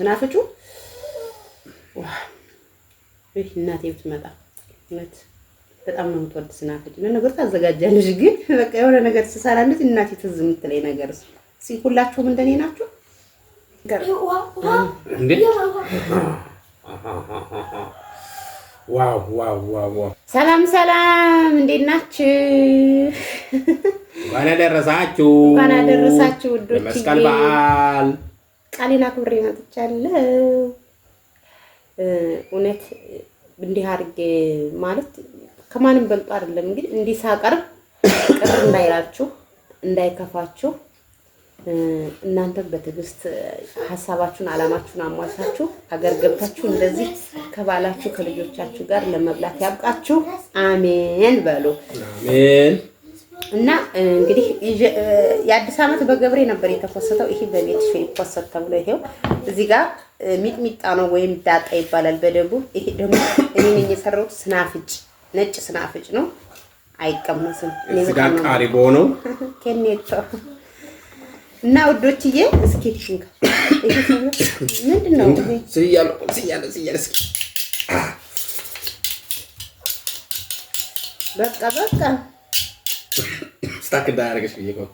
ምናፍጩ ይህ እናቴ ብትመጣ እውነት በጣም ነው የምትወድ ስናፍጭ። ነገር ታዘጋጃለሽ፣ ግን በቃ የሆነ ነገር ስሰራ እንደት እናቴ ትዝ የምትለኝ ነገር ሲ ሁላችሁም እንደኔ ናችሁ። ሰላም ሰላም፣ እንዴት ናችሁ? እንኳን አደረሳችሁ፣ እንኳን አደረሳችሁ ውዶች መስቀል በዓል ቃሌን አክብሬ መጥቻለሁ። እውነት እንዲህ አድርጌ ማለት ከማንም በልጦ አይደለም። እንግዲህ እንዲህ ሳቀርብ ቅር እንዳይላችሁ፣ እንዳይከፋችሁ እናንተ በትዕግስት ሀሳባችሁን አላማችሁን አሟልታችሁ አገር ገብታችሁ እንደዚህ ከባላችሁ ከልጆቻችሁ ጋር ለመብላት ያብቃችሁ። አሜን በሉ። አሜን። እና እንግዲህ የአዲስ አመት በገብሬ ነበር የተኮሰተው። ይሄ በቤት ይኮሰት ተብሎ ይሄው እዚህ ጋር ሚጥሚጣ ነው ወይም ዳጣ ይባላል በደቡብ። ይሄ ደግሞ እኔ ነኝ የሰራሁት። ስናፍጭ ነጭ ስናፍጭ ነው፣ አይቀመስም። እዚህ ጋር ቃሪቦ ነው ኬኔቶ እና ወዶችዬ እስኪ ሽንካ ይሄ ምንድን ነው ስያለ ስያለ ስያለ እስኪ በቃ በቃ ስታክ እንዳያደርገሽ ብዬ ነው።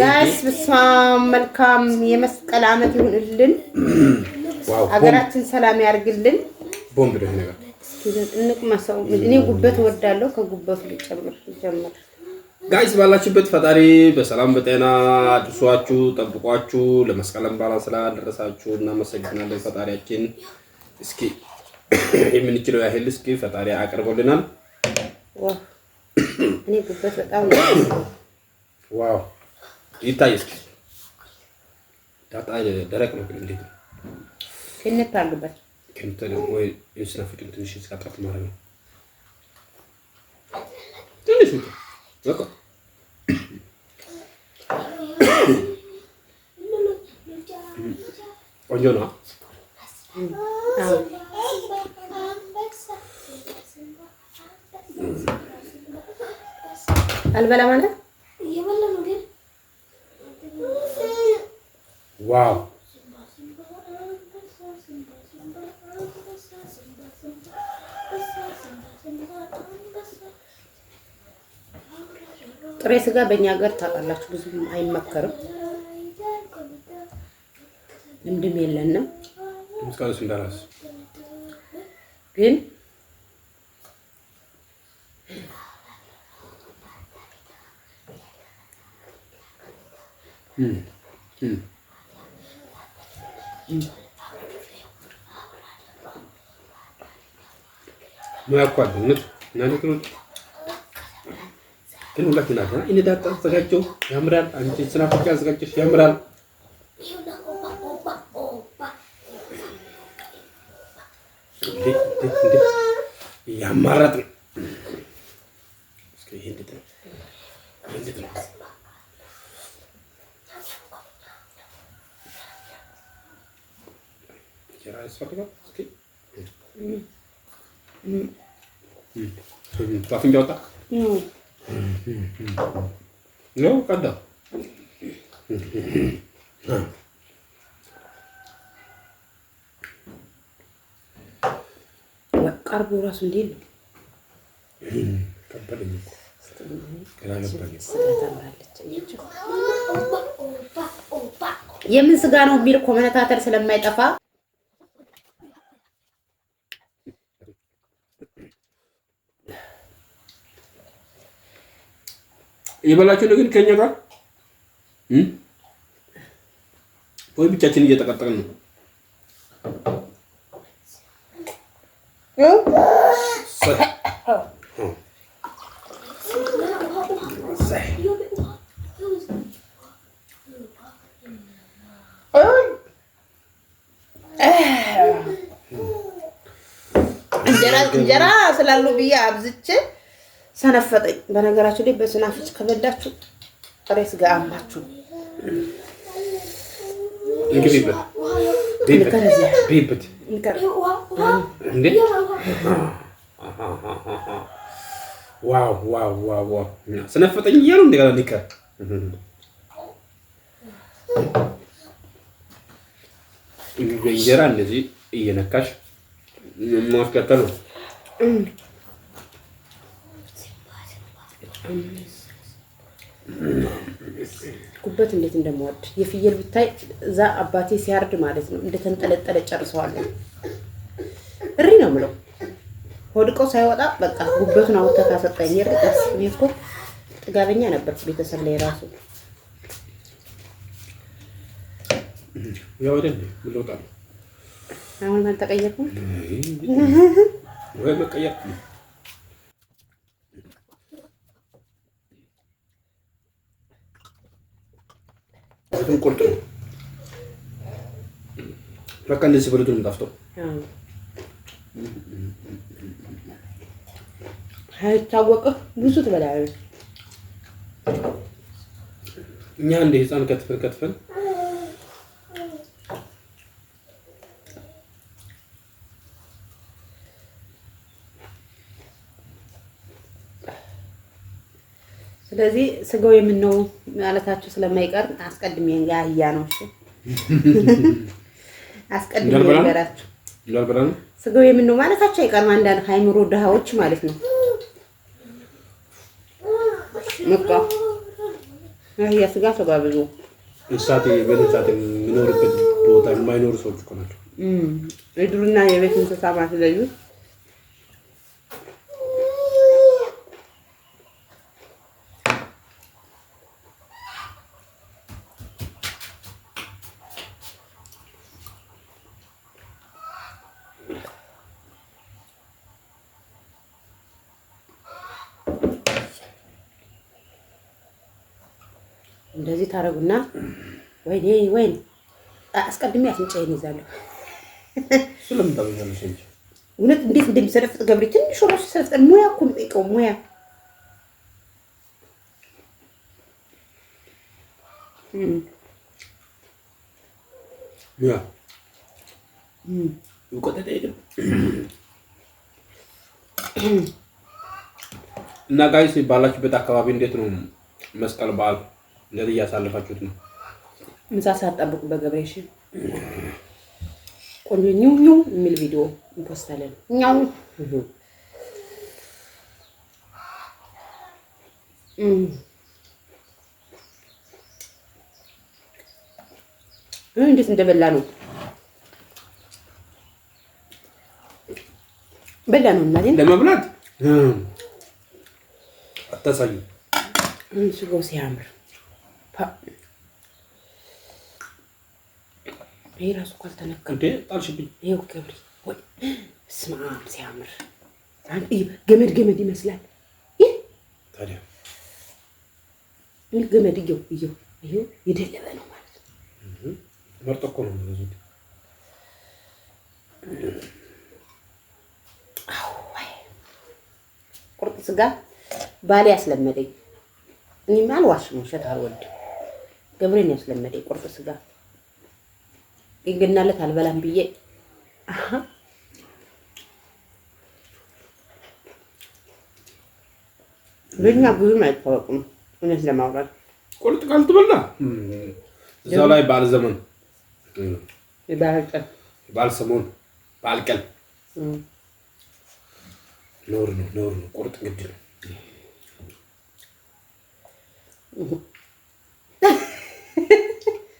በስመ አብ። መልካም የመስቀል ዓመት ይሁንልን። ሀገራችን ሰላም ያርግልን። ቦምብ ነው ነገር እንቅመሰው። እኔ ጉበት እወዳለሁ። ከጉበቱ ልጨምር ጀምር ጋይስ ባላችሁበት ፈጣሪ በሰላም በጤና አድርሷችሁ ጠብቋችሁ ለመስቀለን ባላ ስላደረሳችሁ እናመሰግናለን። ፈጣሪያችን እስኪ የምንችለው ያህል እስኪ ፈጣሪ አቅርቦልናል። እኔ ጉበት በጣም ዋው! ይታይ እስኪ ዳጣ ደረቅ ነው ግን እንዴት ነው? ክንት አድርግበት። ክንት ወይ የስራ ትንሽ ስላጣፍ ማለት ነው። ትንሽ በቃ ቆንጆ ነው። አልበላ ማለት ዋው ጥሬ ስጋ በእኛ ሀገር ታውቃላችሁ ብዙም አይመከርም። ልምድም የለንም ግን Mengaku adu nanti, kenut ini udah jelas. Ini datang ke raja, jammeran anjing serapkan እንጀራ ያስፈልጋል። እስኪ አፍንጫ ወጣ ነው ቀዳ ቀርቦ ራሱ እንዴት ነው ከበደኝ እኮ ገባኝ የምን ስጋ ነው የሚል ኮመነታተር ስለማይጠፋ ibalacho lugin kenya ka hmm boy bi chatini jeta katran no Jara, jara selalu biar abzicce. ሰነፈጠኝ። በነገራችሁ ላይ በስናፍጭ ከበላችሁ ጥሬ ስጋ አማችሁ ሰነፈጠኝ እያሉ እንደገና ሊቀር እንጀራ እንደዚህ እየነካሽ ማስቀጠል ነው። ጉበት እንዴት እንደምወድ የፍየል ብታይ እዛ አባቴ ሲያርድ ማለት ነው እንደተንጠለጠለ ጨርሰዋለ። እሪ ነው ምለው ወድቆ ሳይወጣ በቃ ጉበቱን አውጥታ ካሰጣኝ ርቀስ እኔ እኮ ጥጋበኛ ነበር። ቤተሰብ ላይ ራሱ ያው አይደል አሁን አልተቀየርኩም ወይ መቀየር ጥፍን ቁርጥ ነው። በቃ እንደዚህ ብሉት ነው ታወቀ። ብዙ ትበላለህ። እኛ እንደ ህፃን ከትፈን ከትፈን ስለዚህ ስጋው የምነው ማለታቸው ስለማይቀር አስቀድሜ አህያ ነው እሱ አስቀድሜ ነገራችሁ። ስጋው የምነው ማለታቸው አይቀርም። አንዳንድ ሃይምሮ ድሃዎች ማለት ነው። በቃ አህያ ስጋ ሰባ ብዙ እንስሳት የቤት የሚኖርበት ቦታ የማይኖሩ ሰዎች እኮ ናቸው። የዱርና የቤት እንስሳ ማለት እንደዚህ ታረጉና ወይኔ ወይን አስቀድሜ አፍንጫዬን ይዛለሁ። እውነት እንዴት እንደሚሰለፍጥ ገብሬ ትንሽ ራሱ ይሰለፍጣል። ሙያ እኮ የሚጠይቀው ሙያ እና ጋይስ ባላችሁበት አካባቢ እንዴት ነው መስቀል በዓል? እንዴት እያሳለፋችሁት ነው። ምሳ ሳትጠብቁ በገብሬሽ ቆንጆ ኒው ኒው የሚል ቪዲዮ እንፖስታለን። ኛው እንዴት እንደበላ ነው በላ ነው እናቴ ለመብላት አታሳዩ ስጋው ሲያምር ይሄ ራሱ እኮ አልተነካም። ጣልሽብኝ። ይኸው ወይ ስማ፣ ሲያምር ገመድ ገመድ ይመስላል። ይህ ገመድ እየው እየው ይኸው የደለበ ነው ማለት ነው። መርጦ እኮ ነው የሚገዙት። ቁርጥ ስጋ ባሌ ያስለመደኝ። እኔማ አልዋሽም፣ ውሸት አልወድም። ገብሬን ያስለመደ ቁርጥ ስጋ ይገናለት አልበላም ብዬ በኛ ብዙም አይታወቅም። እውነት ለማውራት ቁርጥ ካልትበላ እዛው ላይ ባል ዘመን ባል ሰሞን በዓል ቀን ኖር ነው ነውር ነው። ቁርጥ ግድ ነው።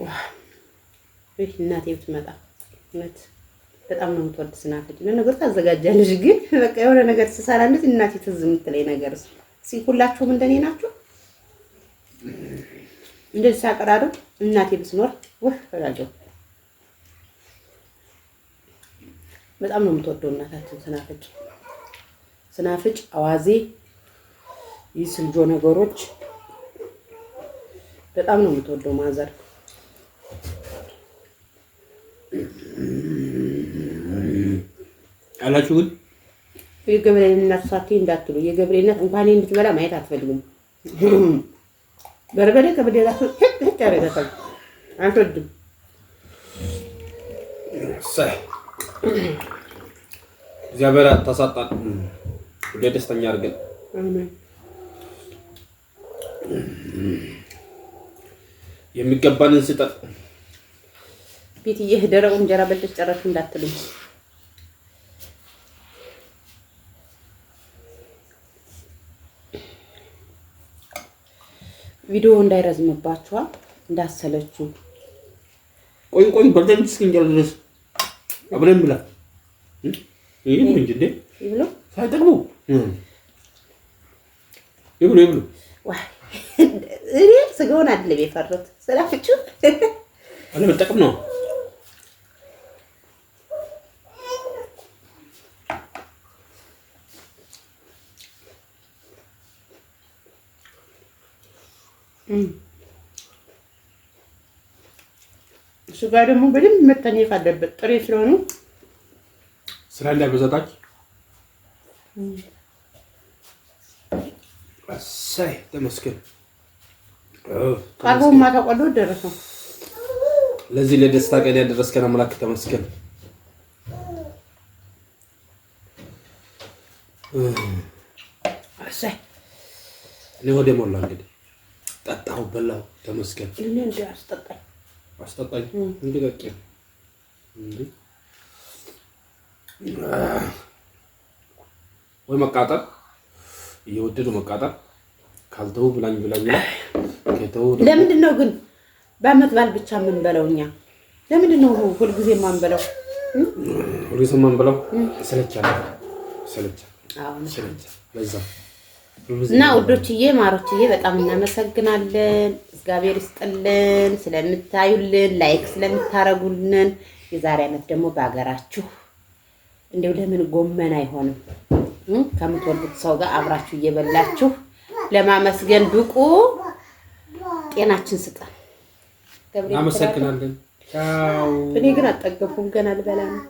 ዋ ይህ እናቴ ብትመጣ እውነት በጣም ነው የምትወድ ስናፍጭ ነገር ታዘጋጃለሽ። ግን በቃ የሆነ ነገር ስሰራ እንደዚህ እናቴ ትዝ የምትለኝ ነገር እስኪ ሁላችሁም እንደኔ ናችሁ። እንደዚህ ሳቀራረብ እናቴ ብትኖር ውህ እላለሁ። በጣም ነው የምትወደው እናታችን ስናፍጭ። ስናፍጭ አዋዜ ይህ ስልጆ ነገሮች በጣም ነው የምትወደው ማዘር አላችሁ ግን የገብርኤል እናት ሳቴ እንዳትሉ። የገብርኤል እናት እንኳን እንድትበላ ማየት አትፈልጉም። በርበሬ ከበደ ራሱ ህት ያደረጋታል። አንትወድም እግዚአብሔር ተሳጣን ወደ ደስተኛ አድርገን የሚገባንን ስጠት ቤትዬ ደረቁ እንጀራ በልተሽ ጨረሽ እንዳትሉኝ። ቪዲዮ እንዳይረዝምባችኋ እንዳሰለችው። ቆይ ቆይ በልተን እስክንጀራ ድረስ አብረን ብላ ይህም እንጂ እንዴ ይብሉ ሳይጠቅሙ ይብሉ ይብሉ። እኔ ስጋውን አይደለም የፈሩት ስላፍችሁ አለመጠቅም ነው። ስጋ ደግሞ በደንብ መጠኘት አለበት። ጥሬ ስለሆኑ ስራ እንዳይበዛጣች። እሰይ ተመስገን። ቀርቦ ማታ ቆሎ ደረሰው። ለዚህ ለደስታ ቀን ያደረስከን አምላክ ተመስገን። እኔ ወደ ሞላ እንግዲህ ጠጣሁ፣ በላሁ፣ ተመስገን። እኔ እንደ ወይ መቃጠል እየወደዱ መቃጠል ካልተው ብላኝ ብላኝ ከተው። ለምንድን ነው ግን በዓመት በዓል ብቻ የምንበለው እኛ? ለምንድን ነው ሁልጊዜ የማንበለው? ሁልጊዜ የማንበለው እና ውዶችዬ ማሮችዬ በጣም እናመሰግናለን። እግዚአብሔር ይስጥልን ስለምታዩልን፣ ላይክ ስለምታረጉልን። የዛሬ ዓመት ደግሞ በሀገራችሁ እንዲሁ ለምን ጎመን አይሆንም? ከምትወዱት ሰው ጋር አብራችሁ እየበላችሁ ለማመስገን ብቁ ጤናችን ስጠን። እናመሰግናለን። እኔ ግን አልጠገብኩም፣ ገና ልበላ ነው።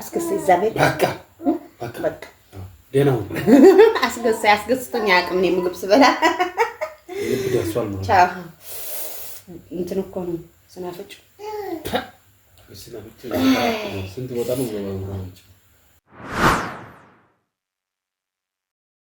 አስገሳይ እዛ ቤት በቃ በቃ ደህና ሁን። አስገሳይ አስገስቶኝ አያውቅም። እኔ ምግብ ስበላ እንትን እኮ ነው ስናፈጭ ስንት ቦታ ነው